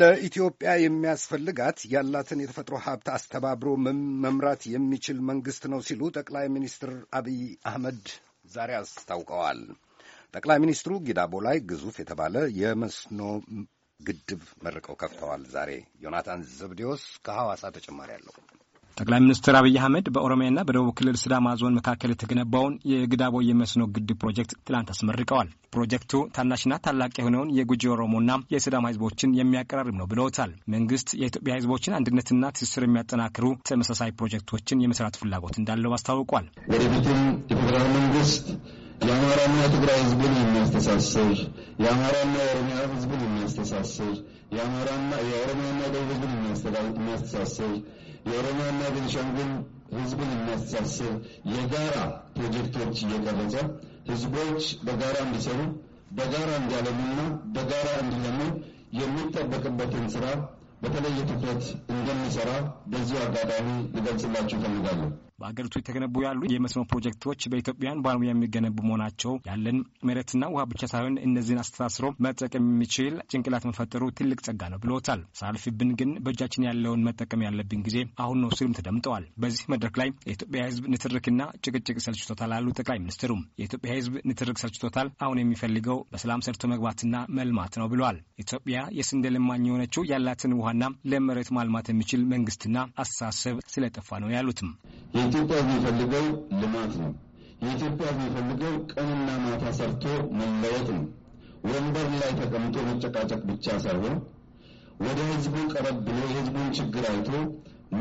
ለኢትዮጵያ የሚያስፈልጋት ያላትን የተፈጥሮ ሀብት አስተባብሮ መምራት የሚችል መንግስት ነው ሲሉ ጠቅላይ ሚኒስትር አብይ አህመድ ዛሬ አስታውቀዋል። ጠቅላይ ሚኒስትሩ ጊዳቦ ላይ ግዙፍ የተባለ የመስኖ ግድብ መርቀው ከፍተዋል። ዛሬ ዮናታን ዘብዴዎስ ከሐዋሳ ተጨማሪ አለው። ጠቅላይ ሚኒስትር አብይ አህመድ በኦሮሚያና በደቡብ ክልል ስዳማ ዞን መካከል የተገነባውን የግዳቦ የመስኖ ግድብ ፕሮጀክት ትላንት አስመርቀዋል። ፕሮጀክቱ ታናሽና ታላቅ የሆነውን የጉጂ ኦሮሞና የስዳማ ህዝቦችን የሚያቀራርብ ነው ብለውታል። መንግስት የኢትዮጵያ ህዝቦችን አንድነትና ትስስር የሚያጠናክሩ ተመሳሳይ ፕሮጀክቶችን የመስራት ፍላጎት እንዳለው አስታውቋል። ወደፊትም የፌዴራል መንግስት የአማራና ትግራይ ህዝብን የሚያስተሳስር የአማራና የኦሮሚያ ህዝብን የሚያስተሳስር የአማራና የኦሮሚያና የደቡብ ህዝብን የሚያስተሳስር የኦሮሚያና ቤንሻንጉል ህዝብን የሚያስተሳስር የጋራ ፕሮጀክቶች እየቀረጸ ህዝቦች በጋራ እንዲሰሩ በጋራ እንዲያለሙና በጋራ እንዲለሙ የሚጠበቅበትን ስራ በተለየ ትኩረት እንደሚሰራ በዚሁ አጋጣሚ ልገልጽላችሁ እፈልጋለሁ። በአገሪቱ የተገነቡ ያሉ የመስኖ ፕሮጀክቶች በኢትዮጵያን ባለሙያ የሚገነቡ መሆናቸው ያለን መሬትና ውሃ ብቻ ሳይሆን እነዚህን አስተሳስሮ መጠቀም የሚችል ጭንቅላት መፈጠሩ ትልቅ ጸጋ ነው ብለውታል። ሳልፊብን ግን በእጃችን ያለውን መጠቀም ያለብን ጊዜ አሁን ነው ሲሉም ተደምጠዋል። በዚህ መድረክ ላይ የኢትዮጵያ ሕዝብ ንትርክና ጭቅጭቅ ሰልችቶታል አሉ ጠቅላይ ሚኒስትሩም። የኢትዮጵያ ሕዝብ ንትርክ ሰልችቶታል። አሁን የሚፈልገው በሰላም ሰርቶ መግባትና መልማት ነው ብለዋል። ኢትዮጵያ የስንዴ ለማኝ የሆነችው ያላትን ውሃና ለመሬት ማልማት የሚችል መንግስትና አስተሳሰብ ስለጠፋ ነው ያሉትም የኢትዮጵያ የሚፈልገው ልማት ነው። የኢትዮጵያ የሚፈልገው ቀንና ማታ ሰርቶ መለወጥ ነው። ወንበር ላይ ተቀምጦ መጨቃጨቅ ብቻ ሳይሆን ወደ ህዝቡ ቀረብ ብሎ የህዝቡን ችግር አይቶ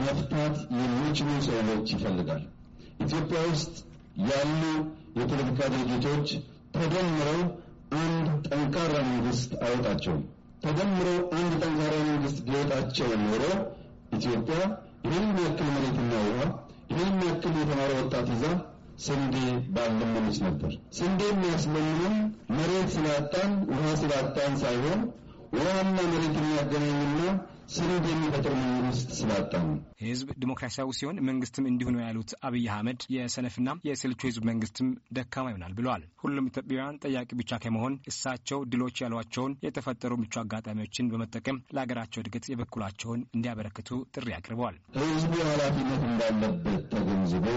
መፍታት የሚችሉ ሰዎች ይፈልጋል። ኢትዮጵያ ውስጥ ያሉ የፖለቲካ ድርጅቶች ተደምረው አንድ ጠንካራ መንግስት አይወጣቸውም። ተደምረው አንድ ጠንካራ መንግስት ቢወጣቸው ኖሮ ኢትዮጵያ ይህን ያክል መሬት ያክል የተማረ ወጣት ይዛ ስንዴ ባለመለች ነበር። ስንዴ የሚያስለምንም መሬት ስላጣን ውሃ ስላጣን ሳይሆን ውሃና መሬት የሚያገናኝና ስንዴ የሚፈጥር መንግስት ስላጣን ነው። ህዝብ ዲሞክራሲያዊ ሲሆን መንግስትም እንዲሁ ነው ያሉት አብይ አህመድ የሰነፍና የስልቹ ህዝብ መንግስትም ደካማ ይሆናል ብለዋል። ሁሉም ኢትዮጵያውያን ጠያቂ ብቻ ከመሆን እሳቸው ድሎች ያሏቸውን የተፈጠሩ ምቹ አጋጣሚዎችን በመጠቀም ለሀገራቸው እድገት የበኩላቸውን እንዲያበረክቱ ጥሪ አቅርበዋል። ህዝቡ ኃላፊነት እንዳለበት ተገንዝቦ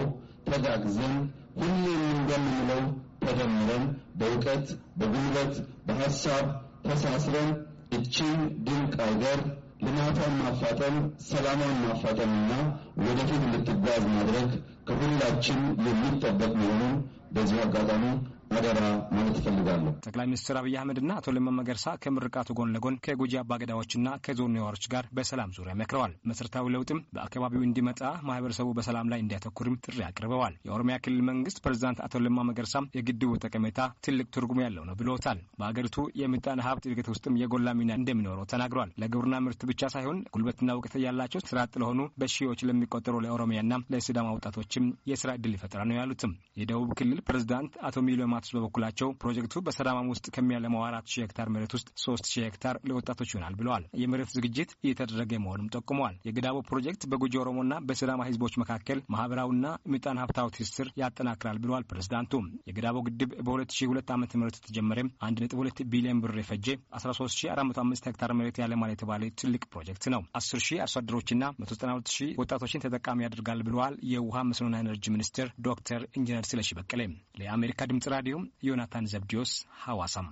ተጋግዘን ሁሌም እንደምንለው ተደምረን በእውቀት በጉልበት በሐሳብ ተሳስረን እቺን ድንቅ አገር ልማቷን ማፋጠን ሰላሟን ማፋጠንና ወደፊት ልትጓዝ ማድረግ ከሁላችን የሚጠበቅ መሆኑን በዚሁ አጋጣሚ አደራ ማለት እፈልጋለሁ። ጠቅላይ ሚኒስትር አብይ አህመድና አቶ ለማ መገርሳ ከምርቃቱ ጎን ለጎን ከጎጂ አባገዳዎችና ከዞን ነዋሪዎች ጋር በሰላም ዙሪያ መክረዋል። መሰረታዊ ለውጥም በአካባቢው እንዲመጣ ማህበረሰቡ በሰላም ላይ እንዲያተኩርም ጥሪ አቅርበዋል። የኦሮሚያ ክልል መንግስት ፕሬዚዳንት አቶ ለማ መገርሳም የግድቡ ጠቀሜታ ትልቅ ትርጉም ያለው ነው ብሎታል። በአገሪቱ የምጣኔ ሀብት እድገት ውስጥም የጎላ ሚና እንደሚኖረው ተናግሯል። ለግብርና ምርት ብቻ ሳይሆን ጉልበትና እውቀት ያላቸው ስራ አጥ ለሆኑ በሺዎች ለሚቆጠሩ ለኦሮሚያና ለሲዳማ ወጣቶችም የስራ እድል ይፈጥራ ነው ያሉትም የደቡብ ክልል ፕሬዚዳንት አቶ ሚሊዮን ባለልማቶች በበኩላቸው ፕሮጀክቱ በሰዳማም ውስጥ ከሚያለማው አራት ሺህ ሄክታር መሬት ውስጥ ሶስት ሺህ ሄክታር ለወጣቶች ይሆናል ብለዋል። የመሬት ዝግጅት እየተደረገ መሆኑም ጠቁመዋል። የግዳቦ ፕሮጀክት በጉጂ ኦሮሞና በሰዳማ ህዝቦች መካከል ማህበራዊና ምጣን ሀብታዊ ትስስር ያጠናክራል ብለዋል ፕሬዝዳንቱ። የግዳቦ ግድብ በ2002 ዓ ም የተጀመረ 1.2 ቢሊዮን ብር የፈጀ 13405 ሄክታር መሬት ያለማል የተባለ ትልቅ ፕሮጀክት ነው። 10 ሺህ አርሶ አደሮችና 192 ሺህ ወጣቶችን ተጠቃሚ ያደርጋል ብለዋል የውሃ መስኖና ኤነርጂ ሚኒስትር ዶክተር ኢንጂነር ስለሺ በቀለ ለአሜሪካ ድምጽ ራዲዮ ሬዲዮ ዮናታን ዘብዲዮስ ሐዋሳም